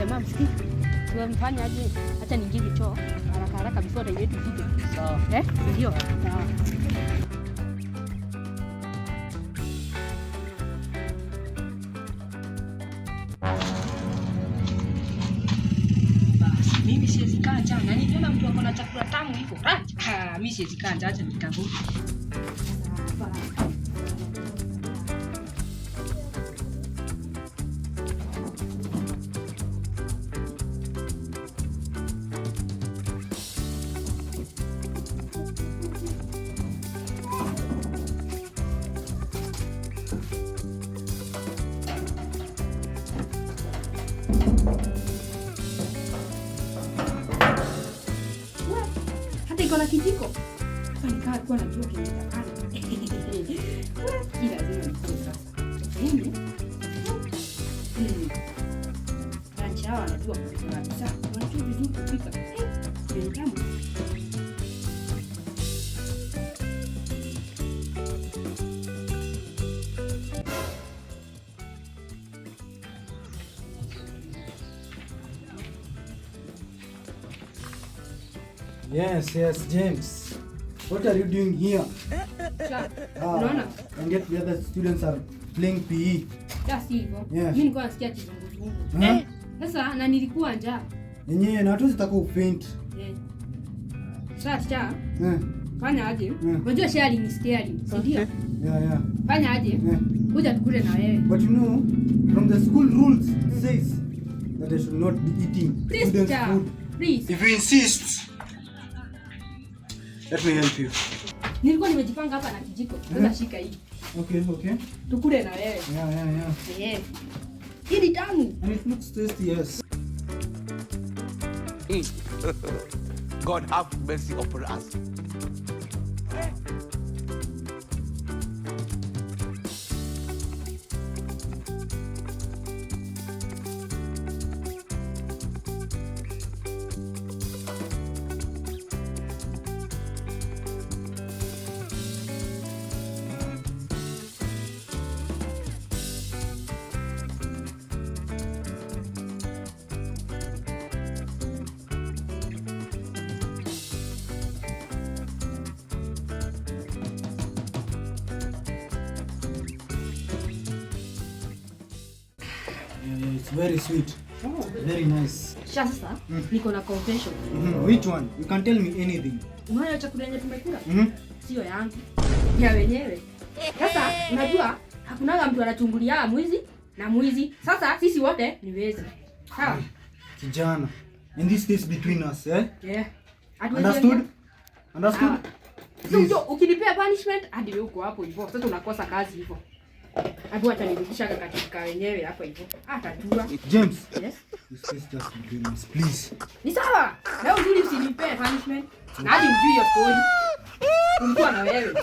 jamaa msikitu. Tumemfanya aje? Acha ningiri choo. Haraka haraka before time yetu ifike. Sawa. Eh? Ndio. Sawa. Mimi siwezi kaa njaa. Na nikiona mtu ako na chakula tamu hivyo, ah, mimi siwezi kaa acha nitafute. hata iko na kijiko hata nikaa kuwa najua kimetakana lazima sasa anchawa yaani, hmm. wanajua kupika kabisa, wanajua vizuri kupika. Eh, Yes, yes, James. What are you doing here? Ah, Unaona? Uh, and get the other students are playing PE. Just hivyo. Yes. Mimi nilikuwa nasikia kizunguzungu. Eh? Sasa na nilikuwa njaa. Yenyewe na watu zitaka upaint. Eh. Sasa cha. Eh. Fanya aje? Eh. Unajua sharing is caring, si ndio? Yeah, yeah. Fanya aje? Eh. Kuja tukule na wewe. But you know, from the school rules says that I should not be eating students food. Please. If you insist. Let me help you. Nilikuwa nimejipanga hapa na kijiko. Eh? Sasa shika hii. Okay, okay. Tukule na wewe. Yeah, yeah, yeah. Yeah. Hii ni tamu. And it looks tasty, yes. Mm. God have mercy upon us. Eh. It's very sweet. Oh, very nice. Sasa mm. niko na confession. Mm -hmm. Which one? You can tell me anything. Unaona chakula yenye tumekula? Mhm. Sio yangu. Ya wenyewe. Sasa unajua hakuna mtu anachungulia mwizi na mwizi. Sasa sisi wote ni wezi. Sawa? Kijana. In this case between us, eh? Yeah. Understood? Understood? Sio ukinipea punishment hadi wewe uko hapo hivyo. Sasa unakosa kazi hivyo katika ah, James. Yes. This is just Ni sawa. Na uzuri usinipe punishment. Na hadi ujui ya story. Kumkuwa na wewe.